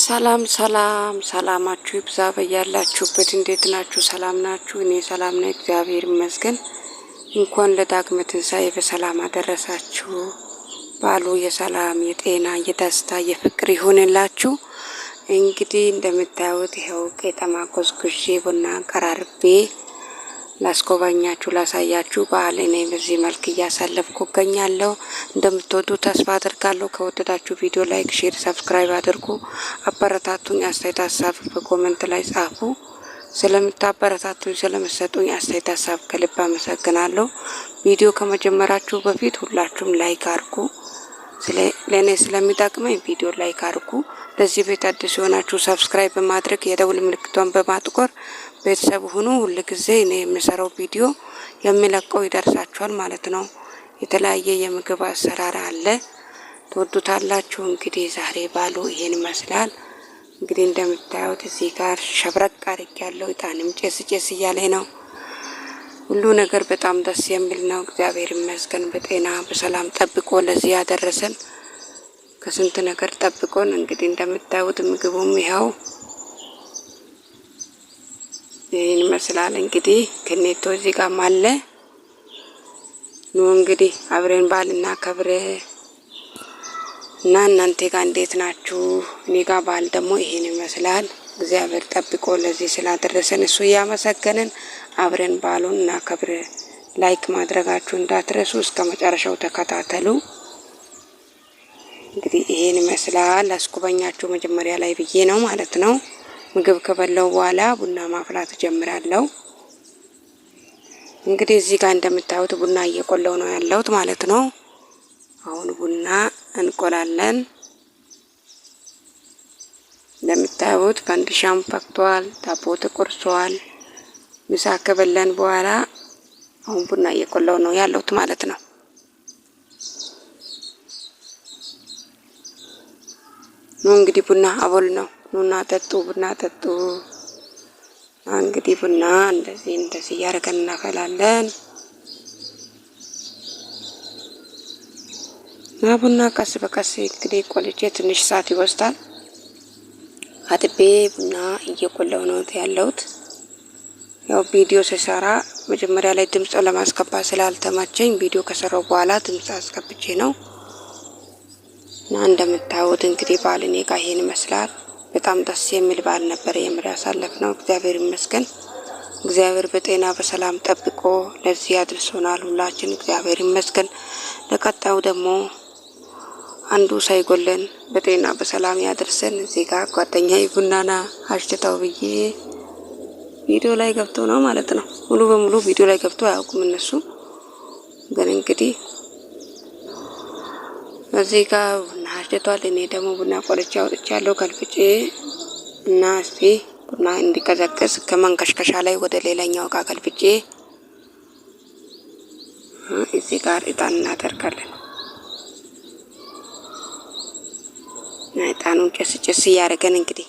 ሰላም ሰላም ሰላማችሁ ይብዛ በያላችሁበት። እንዴት ናችሁ? ሰላም ናችሁ? እኔ ሰላም ነኝ፣ እግዚአብሔር ይመስገን። እንኳን ለዳግመ ትንሣኤ በሰላም አደረሳችሁ። ባሉ የሰላም የጤና የደስታ የፍቅር ይሆንላችሁ። እንግዲህ እንደምታዩት ይኸው ቄጠማ ኮስኩሼ ቡና ቀራርቤ ላስጎበኛችሁ ላሳያችሁ በዓል እኔ በዚህ መልክ እያሳለፍኩ እገኛለሁ። እንደምትወዱ ተስፋ አድርጋለሁ። ከወደዳችሁ ቪዲዮ ላይክ፣ ሼር፣ ሰብስክራይብ አድርጉ። አበረታቱኝ። አስተያየት ሀሳብ በኮመንት ላይ ጻፉ። ስለምታበረታቱኝ ስለምሰጡኝ አስተያየት ሀሳብ ከልብ አመሰግናለሁ። ቪዲዮ ከመጀመራችሁ በፊት ሁላችሁም ላይክ አድርጉ። ለእኔ ስለሚጠቅመኝ ቪዲዮ ላይክ አድርጉ። ለዚህ ቤት አዲስ የሆናችሁ ሰብስክራይብ በማድረግ የደውል ምልክቷን በማጥቆር ቤተሰብ ሁኑ። ሁል ጊዜ እኔ የምሰራው ቪዲዮ የሚለቀው ይደርሳችኋል ማለት ነው። የተለያየ የምግብ አሰራር አለ፣ ትወዱታላችሁ። እንግዲህ ዛሬ ባሉ ይሄን ይመስላል። እንግዲህ እንደምታዩት እዚህ ጋር ሸብረቅ አርግ ያለው እጣንም ጭስ ጭስ እያለ ነው። ሁሉ ነገር በጣም ደስ የሚል ነው። እግዚአብሔር ይመስገን በጤና በሰላም ጠብቆ ለዚህ ያደረሰን ከስንት ነገር ጠብቆን እንግዲህ እንደምታዩት ምግቡም ይኸው ይህን ይመስላል እንግዲህ ክኔቶ እዚህ ጋር አለ። ኑ እንግዲህ አብረን በዓል እናከብር እና እናንተ ጋር እንዴት ናችሁ? እኔ ጋር በዓል ደግሞ ይህን ይመስላል። እግዚአብሔር ጠብቆ ለዚህ ስላደረሰን እሱ እያመሰገንን አብረን በዓሉን እናከብር። ላይክ ማድረጋችሁ እንዳትረሱ፣ እስከ መጨረሻው ተከታተሉ። እንግዲህ ይህን ይመስላል። አስጎበኛችሁ መጀመሪያ ላይ ብዬ ነው ማለት ነው። ምግብ ከበላው በኋላ ቡና ማፍላት ጀምራለሁ። እንግዲህ እዚህ ጋር እንደምታዩት ቡና እየቆለው ነው ያለሁት ማለት ነው። አሁን ቡና እንቆላለን። እንደምታዩት ፈንድሻም ፈክቷል፣ ዳቦ ተቆርሷል። ምሳ ከበላን በኋላ አሁን ቡና እየቆለው ነው ያለሁት ማለት ነው። እንግዲህ ቡና አቦል ነው። ኑና ጠጡ፣ ቡና ጠጡ። እንግዲህ ቡና እንደዚህ እንደዚህ እያደረገን እናፈላለን ና ቡና ቀስ በቀስ እንግዲህ ቆልቼ ትንሽ ሰዓት ይወስዳል። አጥቤ ቡና እየቆለው ነው ያለሁት። ያው ቪዲዮ ስሰራ መጀመሪያ ላይ ድምፅ ለማስገባት ስላልተመቸኝ ቪዲዮ ከሰራው በኋላ ድምፅ አስገብቼ ነው እና እንደምታዩት እንግዲህ ባልኔ ጋር ይሄን ይመስላል። በጣም ደስ የሚል በዓል ነበር የምር ያሳለፍ ነው። እግዚአብሔር ይመስገን። እግዚአብሔር በጤና በሰላም ጠብቆ ለዚህ አድርሶናል። ሁላችን እግዚአብሔር ይመስገን። ለቀጣዩ ደግሞ አንዱ ሳይጎለን በጤና በሰላም ያደርሰን። እዚህ ጋር ጓደኛ ቡናና አሽተታው ብዬ ቪዲዮ ላይ ገብቶ ነው ማለት ነው። ሙሉ በሙሉ ቪዲዮ ላይ ገብቶ አያውቁም እነሱ ግን እንግዲህ በዚህ ጋር ቡና አሽቷል። እኔ ደግሞ ቡና ቆልቼ አውጥቻለሁ ገልብጬ እና እስቲ ቡና እንዲቀዘቅዝ ከመንከሽከሻ ላይ ወደ ሌላኛው እቃ ገልብጬ እዚህ ጋር እጣን እናደርጋለን። እጣኑን ጭስ ጭስ እያደረገን እንግዲህ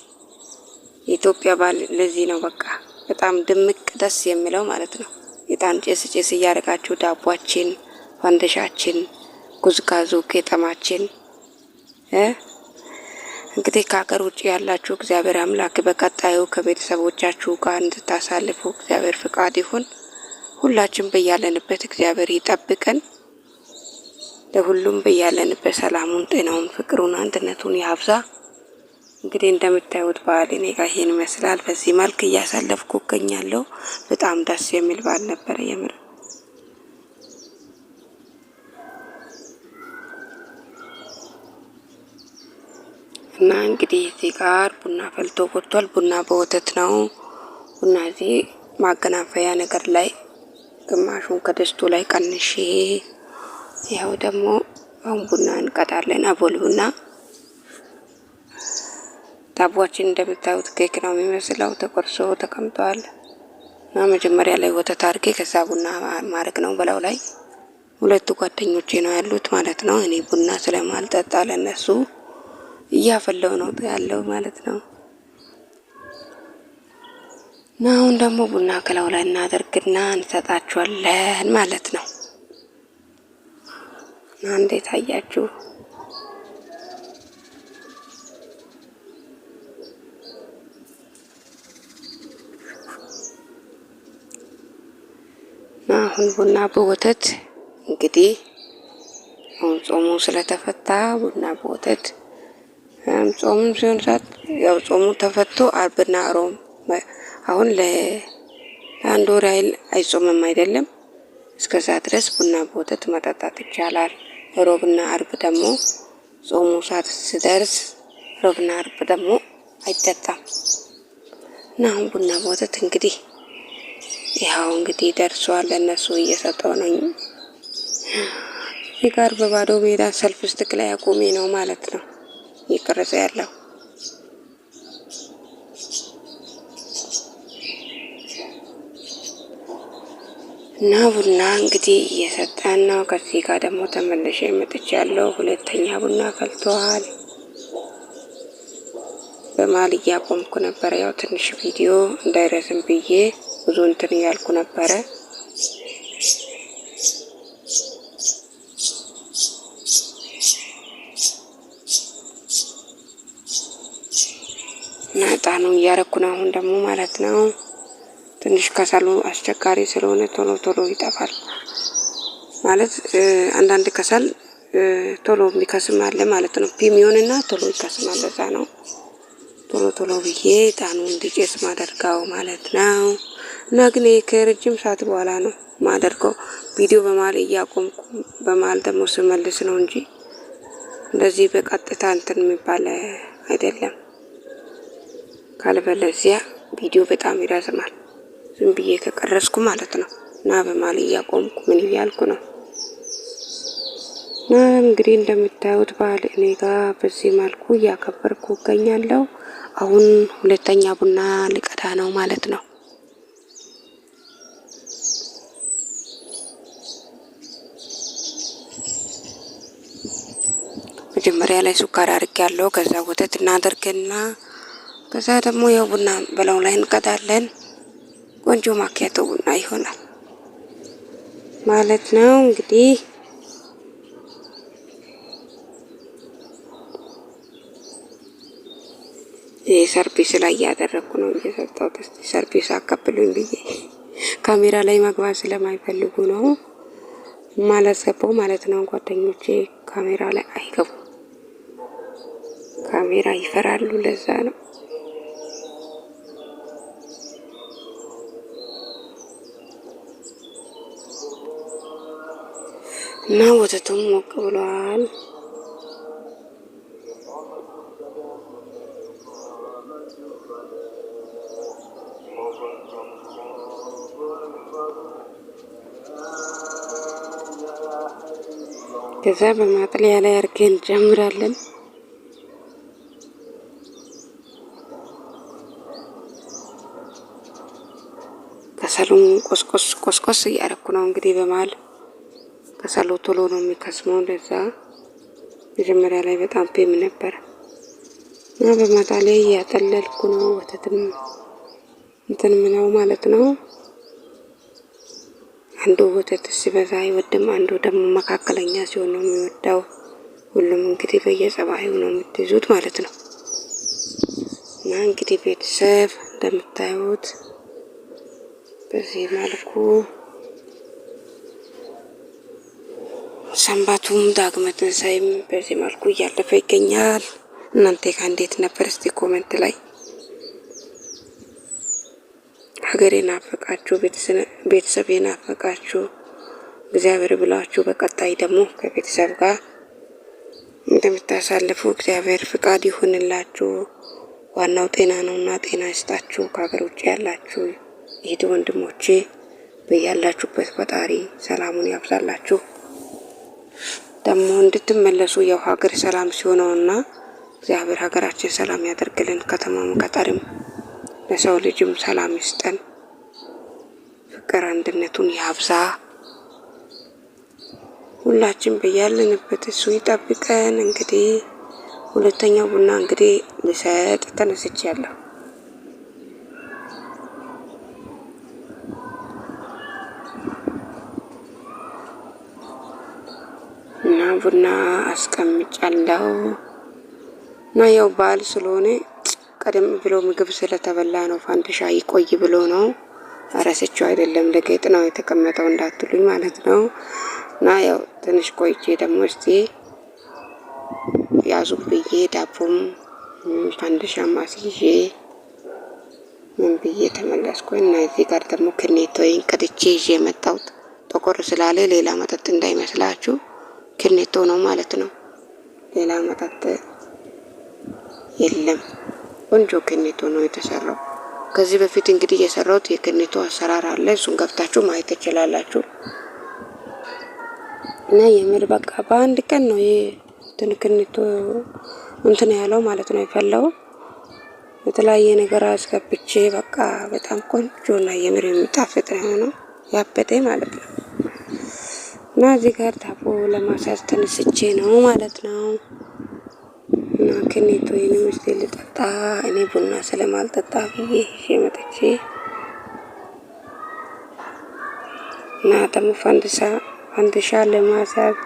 የኢትዮጵያ ባህል ለዚህ ነው። በቃ በጣም ድምቅ ደስ የሚለው ማለት ነው። እጣን ጭስ ጭስ እያደረጋችሁ ዳቧችን፣ ፈንድሻችን ጉዝጋዙ ጌጠማችን እንግዲህ ከሀገር ውጭ ያላችሁ እግዚአብሔር አምላክ በቀጣዩ ከቤተሰቦቻችሁ ጋር እንድታሳልፉ እግዚአብሔር ፍቃድ ይሁን። ሁላችን በያለንበት እግዚአብሔር ይጠብቀን። ለሁሉም በያለንበት ሰላሙን፣ ጤናውን፣ ፍቅሩን፣ አንድነቱን ያብዛ። እንግዲህ እንደምታዩት በዓል እኔ ጋር ይሄን ይመስላል። በዚህ መልክ እያሳለፍኩ እገኛለሁ። በጣም ደስ የሚል በዓል ነበረ የምር እና እንግዲህ እዚህ ጋር ቡና ፈልቶ ወጥቷል። ቡና በወተት ነው። ቡና እዚህ ማገናፈያ ነገር ላይ ግማሹን ከደስቱ ላይ ቀንሼ፣ ይኸው ደግሞ አሁን ቡና እንቀዳለን። አቦል ቡና ዳቦችን እንደምታዩት ኬክ ነው የሚመስለው። ተቆርሶ ተቀምጧል እና መጀመሪያ ላይ ወተት አድርጌ ከዛ ቡና ማድረግ ነው በላው ላይ ሁለቱ ጓደኞቼ ነው ያሉት ማለት ነው። እኔ ቡና ስለማልጠጣ ለነሱ እያፈለው ነው ያለው ማለት ነው። እና አሁን ደግሞ ቡና ከላው ላይ እናደርግና እንሰጣችኋለን ማለት ነው። እና እንዴት አያችሁ? አሁን ቡና በወተት እንግዲህ አሁን ጾሙ ስለተፈታ ቡና በወተት ጾሙም ሲሆን ሰዓት ያው ጾሙ ተፈቶ አርብና ሮም አሁን ለአንድ ወር ያህል አይጾምም አይደለም። እስከዛ ድረስ ቡና በወተት መጠጣት ይቻላል። ሮብና አርብ ደግሞ ጾሙ ሰዓት ሲደርስ ሮብና አርብ ደግሞ አይጠጣም እና አሁን ቡና በወተት እንግዲህ ይኸው እንግዲህ ደርሷል። ለእነሱ እየሰጠው ነው። ይጋር በባዶ ሜዳ ሰልፍ ውስጥ ላይ አቁሜ ነው ማለት ነው። እየቀረጸ ያለው። እና ቡና እንግዲህ እየሰጠን ነው። ከዚህ ጋር ደግሞ ተመልሼ መጥቼ ያለው ሁለተኛ ቡና ፈልተዋል። በመሀል እያቆምኩ ነበረ። ያው ትንሽ ቪዲዮ እንዳይረዝም ብዬ ብዙ እንትን እያልኩ ነበረ። እና እጣኑን እያረኩ ነው አሁን ደግሞ ማለት ነው። ትንሽ ከሰሉ አስቸጋሪ ስለሆነ ቶሎ ቶሎ ይጠፋል ማለት አንዳንድ ከሰል ቶሎ የሚከስም አለ ማለት ነው። ፒሚዮንና ቶሎ ይከስማል። ለዛ ነው ቶሎ ቶሎ ብዬ ጣኑ እንዲጨስ ማደርጋው ማለት ነው። እና ግን ከረጅም ሰዓት በኋላ ነው ማደርገው ቪዲዮ በማል እያቆምኩ በማል ደግሞ ስመልስ ነው እንጂ እንደዚህ በቀጥታ እንትን የሚባል አይደለም። ካልበለዚያ ቪዲዮ በጣም ይረዝማል። ዝም ብዬ ከቀረስኩ ማለት ነው። እና በማል እያቆምኩ ምን እያልኩ ነው? ና እንግዲህ እንደምታዩት በዓል እኔ ጋር በዚህ መልኩ እያከበርኩ እገኛለሁ። አሁን ሁለተኛ ቡና ልቀዳ ነው ማለት ነው። መጀመሪያ ላይ ሱካር አድርጌ ያለው ከዛ ወተት እናደርግና ከዛ ደግሞ ያው ቡና በላው ላይ እንቀዳለን። ቆንጆ ማኪያቶ ቡና ይሆናል ማለት ነው እንግዲህ ሰርቪስ ላይ እያደረግኩ ነው እየሰጠሁት። እስቲ ሰርቪስ አቀብሉኝ ብዬ ካሜራ ላይ መግባት ስለማይፈልጉ ነው ማላስገባው ማለት ነው። ጓደኞቼ ካሜራ ላይ አይገቡም፣ ካሜራ ይፈራሉ። ለዛ ነው እና ወተቱም ሞቅ ብሏል። ከዛ በማጥለያ ላይ አድርገን እንጨምራለን። ከሰሉን ቆስቆስ ቆስቆስ እያደረኩ ነው እንግዲህ በመሀል ከሰሎ ቶሎ ነው የሚከስመው። እንደዛ መጀመሪያ ላይ በጣም ፔም ነበረ እና በማታ ላይ እያጠለልኩ ነው ወተትም እንትን ምነው ማለት ነው። አንዱ ወተት ሲበዛ አይወድም፣ አንዱ ደግሞ መካከለኛ ሲሆን ነው የሚወዳው። ሁሉም እንግዲህ በየጸባዩ ነው የምትይዙት ማለት ነው። እና እንግዲህ ቤተሰብ እንደምታዩት በዚህ መልኩ ሰንባቱም ዳግመ ትንሳኤም በዚህ መልኩ እያለፈ ይገኛል። እናንተ ጋ እንዴት ነበር? እስቲ ኮመንት ላይ ሀገሬ ናፈቃችሁ፣ ቤተሰብ ናፈቃችሁ እግዚአብሔር ብላችሁ በቀጣይ ደግሞ ከቤተሰብ ጋር እንደምታሳልፉ እግዚአብሔር ፍቃድ ይሁንላችሁ። ዋናው ጤና ነውና ጤና ይስጣችሁ። ከሀገር ውጭ ያላችሁ ይሄድ ወንድሞቼ በያላችሁበት ፈጣሪ ሰላሙን ያብዛላችሁ። ደግሞ እንድትመለሱ ያው ሀገር ሰላም ሲሆነው እና እግዚአብሔር ሀገራችን ሰላም ያደርግልን። ከተማም ገጠርም ለሰው ልጅም ሰላም ይስጠን። ፍቅር አንድነቱን ያብዛ። ሁላችን በያለንበት እሱ ይጠብቀን። እንግዲህ ሁለተኛው ቡና እንግዲህ ልሰጥ ተነስች ያለሁ ቡና አስቀምጫለሁ እና ያው በዓል ስለሆነ ቀደም ብሎ ምግብ ስለተበላ ነው። ፋንድሻ ይቆይ ብሎ ነው። ረስቼው አይደለም ለጌጥ ነው የተቀመጠው እንዳትሉኝ ማለት ነው። እና ያው ትንሽ ቆይቼ ደግሞ እስቲ ያዙ ብዬ ዳቦም ፋንድሻ ማስይዤ ምን ብዬ ተመለስኩ እና እዚህ ጋር ደግሞ ክኔቶይን ቀድቼ ይዤ የመጣሁት ጥቁር ስላለ ሌላ መጠጥ እንዳይመስላችሁ። ክኔቶ ነው ማለት ነው። ሌላ መጠጥ የለም። ቆንጆ ክኔቶ ነው የተሰራው። ከዚህ በፊት እንግዲህ የሰራሁት የክኔቶ አሰራር አለ። እሱን ገብታችሁ ማየት ትችላላችሁ። እና የምር በቃ በአንድ ቀን ነው ይህ እንትን ክኔቶ እንትን ያለው ማለት ነው የፈለው የተለያየ ነገር አስገብቼ በቃ በጣም ቆንጆ እና የምር የሚጣፍጥ የሆነው ያበጠ ማለት ነው። እና እዚህ ጋር ዳቦ ለማሳዝ ተነስቼ ነው ማለት ነው። እና ክኔቶ ዩኒቨርሲቲ ልጠጣ እኔ ቡና ስለማልጠጣ ብዬ መጥቼ እና ደግሞ ፋንድሻ ፋንድሻ ለማሳዝ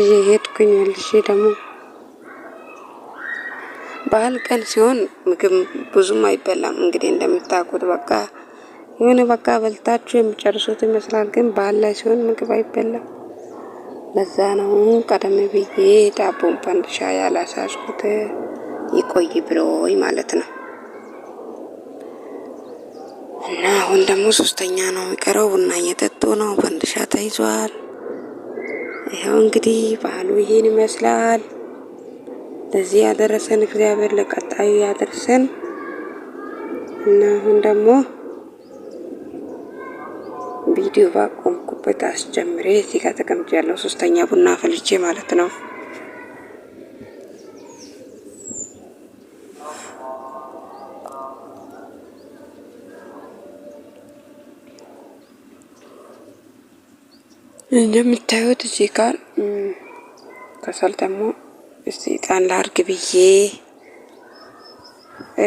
እየሄድኩኝ ልሽ ደግሞ ባህል ቀን ሲሆን ምግብ ብዙም አይበላም። እንግዲህ እንደምታውቁት በቃ የሆነ በቃ በልታችሁ የሚጨርሱት ይመስላል፣ ግን በዓል ላይ ሲሆን ምግብ አይበላም። ለዛ ነው ቀደም ብዬ ዳቦን ፈንድሻ ያላሳስኩት ይቆይ ብሎይ ማለት ነው። እና አሁን ደግሞ ሶስተኛ ነው የሚቀረው። ቡና እየጠጡ ነው፣ ፈንድሻ ተይዟል። ይኸው እንግዲህ በዓሉ ይሄን ይመስላል። ለዚህ ያደረሰን እግዚአብሔር ለቀጣዩ ያደርሰን እና አሁን ደግሞ ቪዲዮ ባቆምኩበት አስጀምሬ እዚህ ጋር ተቀምጦ ያለው ሶስተኛ ቡና ፈልቼ ማለት ነው። እንደምታዩት እዚህ ጋር ከሰል ደግሞ ጣን ላርግ ብዬ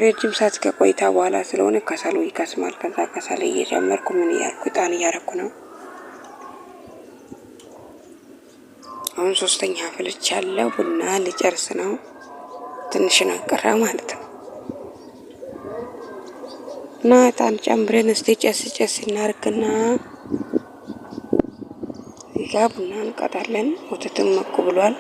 ረጅም ሰዓት ከቆይታ በኋላ ስለሆነ ከሰሉ ይከስማል። ከዛ ከሰል እየጨመርኩ ምን እያልኩ እጣን እያረኩ ነው። አሁን ሶስተኛ ፍልች ያለው ቡና ልጨርስ ነው። ትንሽ ነው ቀረ ማለት ነው። እና እጣን ጨምረን እስቲ ጨስ ጨስ እናርግና እዚጋ ቡና እንቀጣለን። ወተትም መቁ ብሏል።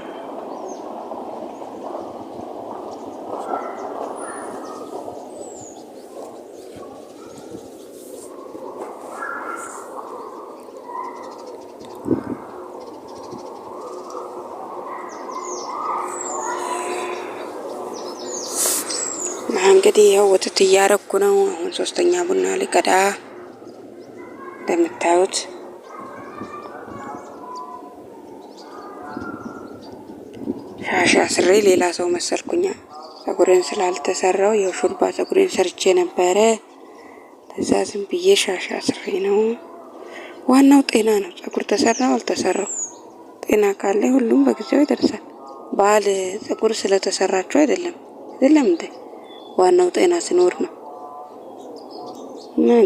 እንግዲህ ይኸው ወተት እያረኩ ነው። አሁን ሶስተኛ ቡና ልቀዳ እንደምታዩት ሻሻ አስሬ ሌላ ሰው መሰልኩኛ። ጸጉሬን ስላልተሰራው የው ሹርባ ጸጉሬን ሰርቼ ነበረ። ከዛ ዝም ብዬ ሻሻ አስሬ ነው። ዋናው ጤና ነው። ጸጉር ተሰራው አልተሰራው ጤና ካለ ሁሉም በጊዜው ይደርሳል። ባል ጸጉር ስለተሰራችሁ አይደለም አይደለም እንዴ? ዋናው ጤና ሲኖር ነው።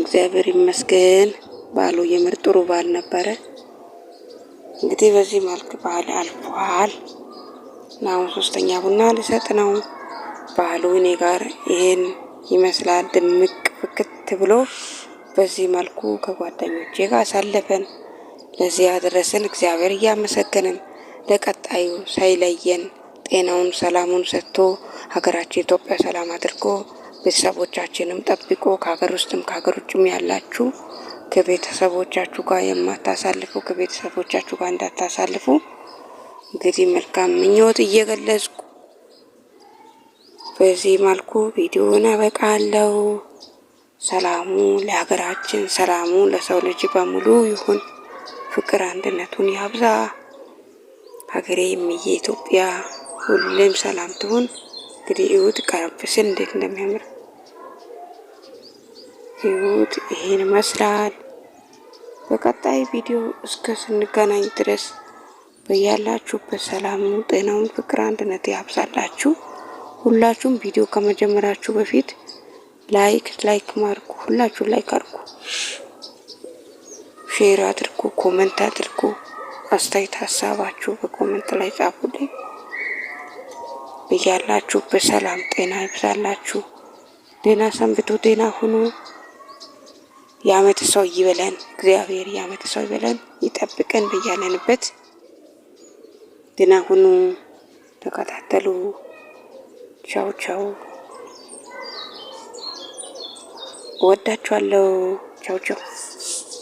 እግዚአብሔር ይመስገን። ባሉ የምር ጥሩ ባል ነበረ። እንግዲህ በዚህ መልክ ባህል አልፏል። አሁን ሶስተኛ ቡና ልሰጥ ነው። ባህሉ እኔ ጋር ይሄን ይመስላል። ድምቅ ፍክት ብሎ በዚህ መልኩ ከጓደኞቼ ጋር አሳለፈን። ለዚህ ያደረሰን እግዚአብሔር እያመሰገንን ለቀጣዩ ሳይለየን ጤናውን ሰላሙን ሰጥቶ ሀገራችን ኢትዮጵያ ሰላም አድርጎ ቤተሰቦቻችንም ጠብቆ ከሀገር ውስጥም ከሀገር ውጭም ያላችሁ ከቤተሰቦቻችሁ ጋር የማታሳልፉ ከቤተሰቦቻችሁ ጋር እንዳታሳልፉ እንግዲህ መልካም ምኞት እየገለጽኩ በዚህ መልኩ ቪዲዮን አበቃለሁ። ሰላሙ ለሀገራችን፣ ሰላሙ ለሰው ልጅ በሙሉ ይሁን። ፍቅር አንድነቱን ያብዛ። ሀገሬ የሚዬ ኢትዮጵያ ሁሌም ሰላም ትሆን እንግዲህ እዩት፣ ቀረብ እንዴት እንደሚያምር እዩት። ይሄን ይመስላል። በቀጣይ ቪዲዮ እስከ ስንገናኝ ድረስ በያላችሁበት ሰላሙን፣ ጤናውን፣ ፍቅር፣ አንድነት ያብዛላችሁ። ሁላችሁም ቪዲዮ ከመጀመራችሁ በፊት ላይክ ላይክ ማርኩ፣ ሁላችሁ ላይክ አድርጉ፣ ሼር አድርጉ፣ ኮመንት አድርጉ። አስተያየት ሀሳባችሁ በኮመንት ላይ ጻፉልኝ። በያላችሁ በሰላም ጤና ይብዛላችሁ። ደህና ሰንብቱ፣ ደህና ሁኑ። የአመት ሰው ይበለን እግዚአብሔር፣ የአመት ሰው ይበለን ይጠብቀን። በያለንበት ደህና ሁኑ። ተከታተሉ። ቻው ቻው። እወዳችኋለሁ። ቻው ቻው።